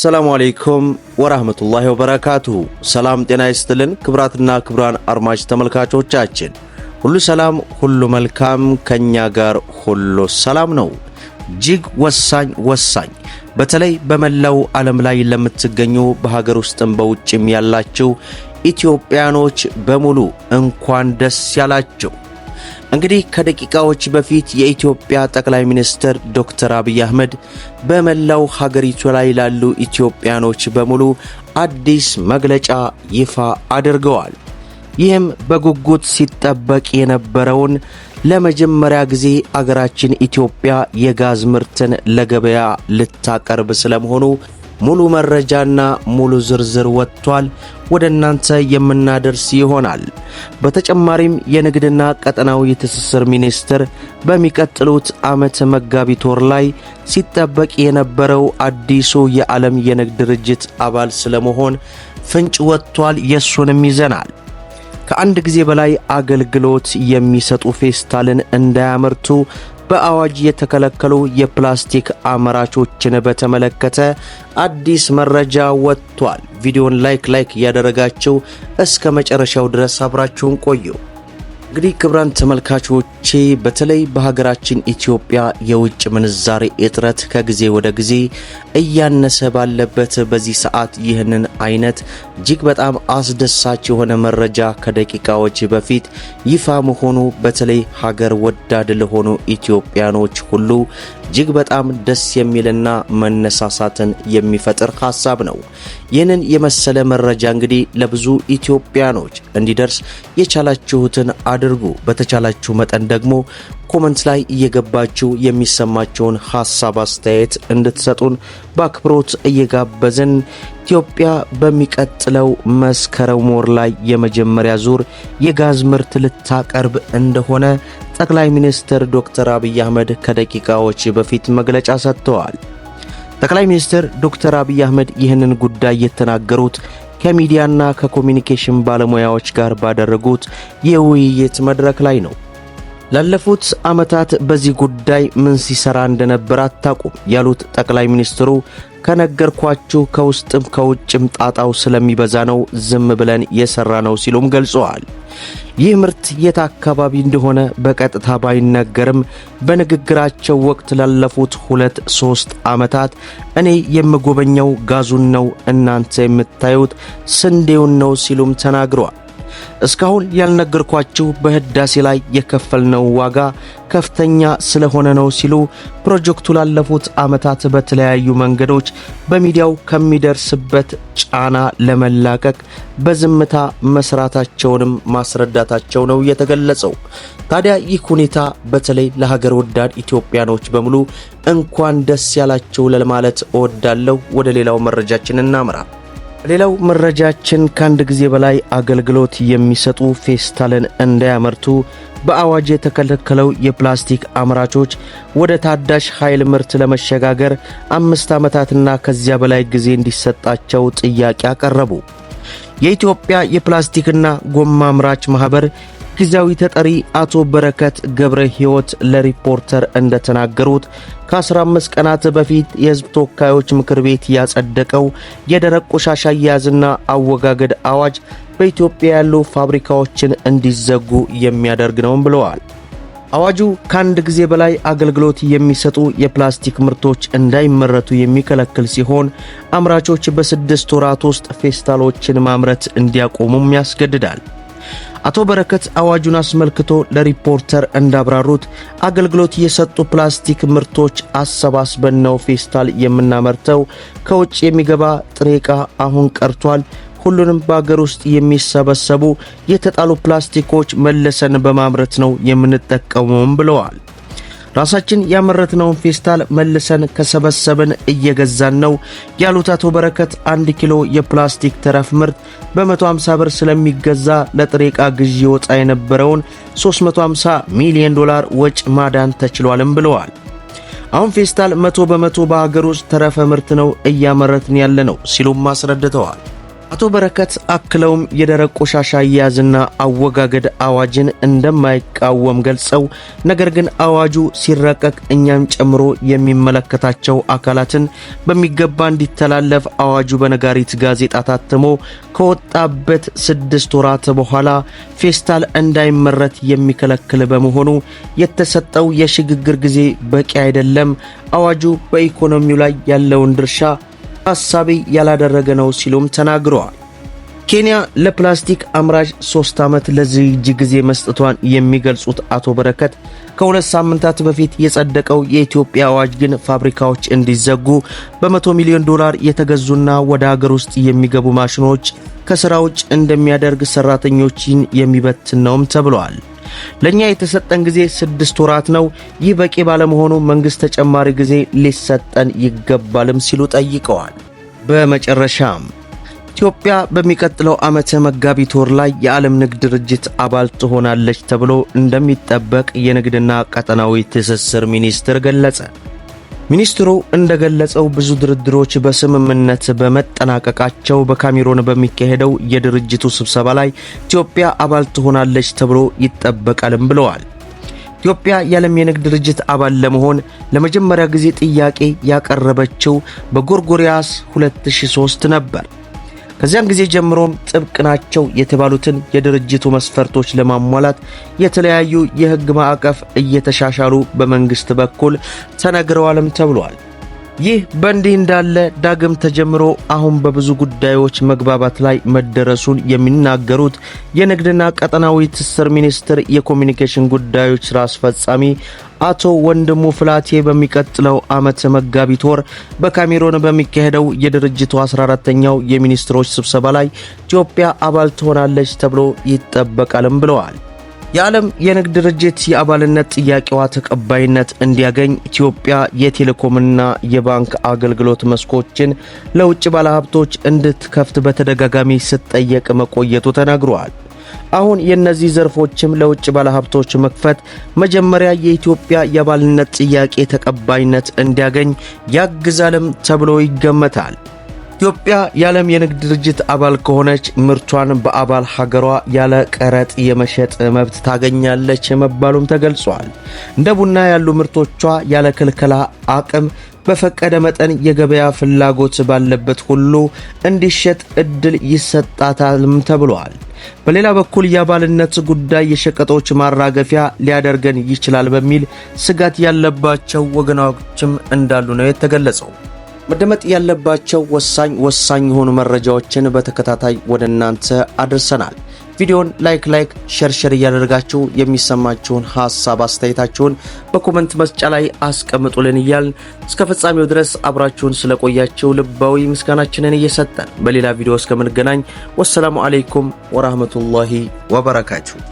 ሰላሙ አሌይኩም ወራህመቱላሂ ወበረካቱሁ። ሰላም ጤና ይስጥልን ክብራትና ክብራን አድማጭ ተመልካቾቻችን ሁሉ ሰላም ሁሉ መልካም፣ ከእኛ ጋር ሁሉ ሰላም ነው። እጅግ ወሳኝ ወሳኝ በተለይ በመላው ዓለም ላይ ለምትገኙ በሀገር ውስጥም በውጭም ያላችሁ ኢትዮጵያኖች በሙሉ እንኳን ደስ ያላችሁ። እንግዲህ ከደቂቃዎች በፊት የኢትዮጵያ ጠቅላይ ሚኒስትር ዶክተር አብይ አህመድ በመላው ሀገሪቱ ላይ ላሉ ኢትዮጵያኖች በሙሉ አዲስ መግለጫ ይፋ አድርገዋል። ይህም በጉጉት ሲጠበቅ የነበረውን ለመጀመሪያ ጊዜ አገራችን ኢትዮጵያ የጋዝ ምርትን ለገበያ ልታቀርብ ስለመሆኑ ሙሉ መረጃና ሙሉ ዝርዝር ወጥቷል ወደ እናንተ የምናደርስ ይሆናል። በተጨማሪም የንግድና ቀጠናዊ ትስስር ሚኒስቴር በሚቀጥሉት ዓመት መጋቢት ወር ላይ ሲጠበቅ የነበረው አዲሱ የዓለም የንግድ ድርጅት አባል ስለመሆን ፍንጭ ወጥቷል። የሱንም ይዘናል። ከአንድ ጊዜ በላይ አገልግሎት የሚሰጡ ፌስታልን እንዳያመርቱ በአዋጅ የተከለከሉ የፕላስቲክ አምራቾችን በተመለከተ አዲስ መረጃ ወጥቷል። ቪዲዮን ላይክ ላይክ እያደረጋችሁ እስከ መጨረሻው ድረስ አብራችሁን ቆዩ። እንግዲህ ክብራን ተመልካቾቼ በተለይ በሀገራችን ኢትዮጵያ የውጭ ምንዛሬ እጥረት ከጊዜ ወደ ጊዜ እያነሰ ባለበት በዚህ ሰዓት ይህንን አይነት እጅግ በጣም አስደሳች የሆነ መረጃ ከደቂቃዎች በፊት ይፋ መሆኑ በተለይ ሀገር ወዳድ ለሆኑ ኢትዮጵያኖች ሁሉ እጅግ በጣም ደስ የሚልና መነሳሳትን የሚፈጥር ሀሳብ ነው። ይህንን የመሰለ መረጃ እንግዲህ ለብዙ ኢትዮጵያኖች እንዲደርስ የቻላችሁትን አድርጉ። በተቻላችሁ መጠን ደግሞ ኮመንት ላይ እየገባችሁ የሚሰማቸውን ሀሳብ አስተያየት እንድትሰጡን በአክብሮት እየጋበዝን ኢትዮጵያ በሚቀጥለው መስከረም ወር ላይ የመጀመሪያ ዙር የጋዝ ምርት ልታቀርብ እንደሆነ ጠቅላይ ሚኒስትር ዶክተር አብይ አህመድ ከደቂቃዎች በፊት መግለጫ ሰጥተዋል። ጠቅላይ ሚኒስትር ዶክተር አብይ አህመድ ይህንን ጉዳይ የተናገሩት ከሚዲያና ከኮሚኒኬሽን ባለሙያዎች ጋር ባደረጉት የውይይት መድረክ ላይ ነው። ላለፉት ዓመታት በዚህ ጉዳይ ምን ሲሰራ እንደነበር አታውቁም ያሉት ጠቅላይ ሚኒስትሩ ከነገርኳችሁ ከውስጥም ከውጭም ጣጣው ስለሚበዛ ነው ዝም ብለን የሠራ ነው ሲሉም ገልጸዋል። ይህ ምርት የት አካባቢ እንደሆነ በቀጥታ ባይነገርም በንግግራቸው ወቅት ላለፉት ሁለት ሦስት ዓመታት እኔ የምጎበኘው ጋዙን ነው፣ እናንተ የምታዩት ስንዴውን ነው ሲሉም ተናግረዋል። እስካሁን ያልነገርኳችሁ በህዳሴ ላይ የከፈልነው ዋጋ ከፍተኛ ስለሆነ ነው ሲሉ ፕሮጀክቱ ላለፉት ዓመታት በተለያዩ መንገዶች በሚዲያው ከሚደርስበት ጫና ለመላቀቅ በዝምታ መስራታቸውንም ማስረዳታቸው ነው የተገለጸው። ታዲያ ይህ ሁኔታ በተለይ ለሀገር ወዳድ ኢትዮጵያኖች በሙሉ እንኳን ደስ ያላቸው ለማለት እወዳለሁ። ወደ ሌላው መረጃችን እናምራ። ሌላው መረጃችን ከአንድ ጊዜ በላይ አገልግሎት የሚሰጡ ፌስታልን እንዳያመርቱ በአዋጅ የተከለከለው የፕላስቲክ አምራቾች ወደ ታዳሽ ኃይል ምርት ለመሸጋገር አምስት ዓመታትና ከዚያ በላይ ጊዜ እንዲሰጣቸው ጥያቄ አቀረቡ። የኢትዮጵያ የፕላስቲክና ጎማ አምራች ማኅበር ጊዜያዊ ተጠሪ አቶ በረከት ገብረ ሕይወት ለሪፖርተር እንደተናገሩት ከ15 ቀናት በፊት የሕዝብ ተወካዮች ምክር ቤት ያጸደቀው የደረቅ ቆሻሻ አያያዝና አወጋገድ አዋጅ በኢትዮጵያ ያሉ ፋብሪካዎችን እንዲዘጉ የሚያደርግ ነውም ብለዋል። አዋጁ ከአንድ ጊዜ በላይ አገልግሎት የሚሰጡ የፕላስቲክ ምርቶች እንዳይመረቱ የሚከለክል ሲሆን አምራቾች በስድስት ወራት ውስጥ ፌስታሎችን ማምረት እንዲያቆሙም ያስገድዳል። አቶ በረከት አዋጁን አስመልክቶ ለሪፖርተር እንዳብራሩት አገልግሎት የሰጡ ፕላስቲክ ምርቶች አሰባስበን ነው ፌስታል የምናመርተው። ከውጭ የሚገባ ጥሬ ዕቃ አሁን ቀርቷል። ሁሉንም በአገር ውስጥ የሚሰበሰቡ የተጣሉ ፕላስቲኮች መልሰን በማምረት ነው የምንጠቀመውም ብለዋል። ራሳችን ያመረትነውን ፌስታል መልሰን ከሰበሰብን እየገዛን ነው ያሉት አቶ በረከት አንድ ኪሎ የፕላስቲክ ተረፍ ምርት በ150 ብር ስለሚገዛ ለጥሬ ዕቃ ግዢ ወጣ የነበረውን 350 ሚሊዮን ዶላር ወጪ ማዳን ተችሏልም ብለዋል። አሁን ፌስታል መቶ በመቶ በሀገር ውስጥ ተረፈ ምርት ነው እያመረትን ያለ ነው ሲሉም አስረድተዋል። አቶ በረከት አክለውም የደረቅ ቆሻሻ አያያዝና አወጋገድ አዋጅን እንደማይቃወም ገልጸው ነገር ግን አዋጁ ሲረቀቅ እኛም ጨምሮ የሚመለከታቸው አካላትን በሚገባ እንዲተላለፍ አዋጁ በነጋሪት ጋዜጣ ታትሞ ከወጣበት ስድስት ወራት በኋላ ፌስታል እንዳይመረት የሚከለክል በመሆኑ የተሰጠው የሽግግር ጊዜ በቂ አይደለም። አዋጁ በኢኮኖሚው ላይ ያለውን ድርሻ ታሳቢ ያላደረገ ነው ሲሉም ተናግረዋል። ኬንያ ለፕላስቲክ አምራች ሶስት ዓመት ለዝግጅ ጊዜ መስጠቷን የሚገልጹት አቶ በረከት ከሁለት ሳምንታት በፊት የጸደቀው የኢትዮጵያ አዋጅ ግን ፋብሪካዎች እንዲዘጉ በመቶ ሚሊዮን ዶላር የተገዙና ወደ አገር ውስጥ የሚገቡ ማሽኖች ከሥራ ውጭ እንደሚያደርግ ሠራተኞችን የሚበትን ነውም ተብለዋል። ለኛ የተሰጠን ጊዜ ስድስት ወራት ነው። ይህ በቂ ባለመሆኑ መንግስት ተጨማሪ ጊዜ ሊሰጠን ይገባልም ሲሉ ጠይቀዋል። በመጨረሻም ኢትዮጵያ በሚቀጥለው አመተ መጋቢት ወር ላይ የዓለም ንግድ ድርጅት አባል ትሆናለች ተብሎ እንደሚጠበቅ የንግድና ቀጠናዊ ትስስር ሚኒስትር ገለጸ። ሚኒስትሩ እንደገለጸው ብዙ ድርድሮች በስምምነት በመጠናቀቃቸው በካሜሮን በሚካሄደው የድርጅቱ ስብሰባ ላይ ኢትዮጵያ አባል ትሆናለች ተብሎ ይጠበቃልም ብለዋል። ኢትዮጵያ የዓለም የንግድ ድርጅት አባል ለመሆን ለመጀመሪያ ጊዜ ጥያቄ ያቀረበችው በጎርጎሪያስ 2003 ነበር። ከዚያን ጊዜ ጀምሮም ጥብቅ ናቸው የተባሉትን የድርጅቱ መስፈርቶች ለማሟላት የተለያዩ የሕግ ማዕቀፍ እየተሻሻሉ በመንግሥት በኩል ተነግረዋልም ተብሏል። ይህ በእንዲህ እንዳለ ዳግም ተጀምሮ አሁን በብዙ ጉዳዮች መግባባት ላይ መደረሱን የሚናገሩት የንግድና ቀጠናዊ ትስስር ሚኒስቴር የኮሚኒኬሽን ጉዳዮች ሥራ አስፈጻሚ አቶ ወንድሙ ፍላቴ በሚቀጥለው ዓመት መጋቢት ወር በካሜሮን በሚካሄደው የድርጅቱ 14ተኛው የሚኒስትሮች ስብሰባ ላይ ኢትዮጵያ አባል ትሆናለች ተብሎ ይጠበቃልም ብለዋል። የዓለም የንግድ ድርጅት የአባልነት ጥያቄዋ ተቀባይነት እንዲያገኝ ኢትዮጵያ የቴሌኮምና የባንክ አገልግሎት መስኮችን ለውጭ ባለሀብቶች እንድትከፍት በተደጋጋሚ ስትጠየቅ መቆየቱ ተናግሯል። አሁን የእነዚህ ዘርፎችም ለውጭ ባለሀብቶች መክፈት መጀመሪያ የኢትዮጵያ የአባልነት ጥያቄ ተቀባይነት እንዲያገኝ ያግዛልም ተብሎ ይገመታል። ኢትዮጵያ የዓለም የንግድ ድርጅት አባል ከሆነች ምርቷን በአባል ሀገሯ ያለ ቀረጥ የመሸጥ መብት ታገኛለች መባሉም ተገልጿል። እንደ ቡና ያሉ ምርቶቿ ያለ ክልከላ አቅም በፈቀደ መጠን የገበያ ፍላጎት ባለበት ሁሉ እንዲሸጥ እድል ይሰጣታልም ተብሏል። በሌላ በኩል የአባልነት ጉዳይ የሸቀጦች ማራገፊያ ሊያደርገን ይችላል በሚል ስጋት ያለባቸው ወገኖችም እንዳሉ ነው የተገለጸው። መደመጥ ያለባቸው ወሳኝ ወሳኝ የሆኑ መረጃዎችን በተከታታይ ወደ እናንተ አድርሰናል። ቪዲዮን ላይክ ላይክ ሸር ሸር እያደረጋችሁ የሚሰማችሁን ሀሳብ አስተያየታችሁን በኮመንት መስጫ ላይ አስቀምጡልን እያልን እስከ ፍጻሜው ድረስ አብራችሁን ስለቆያችሁ ልባዊ ምስጋናችንን እየሰጠን በሌላ ቪዲዮ እስከምንገናኝ ወሰላሙ አሌይኩም ወራህመቱላሂ ወበረካችሁ።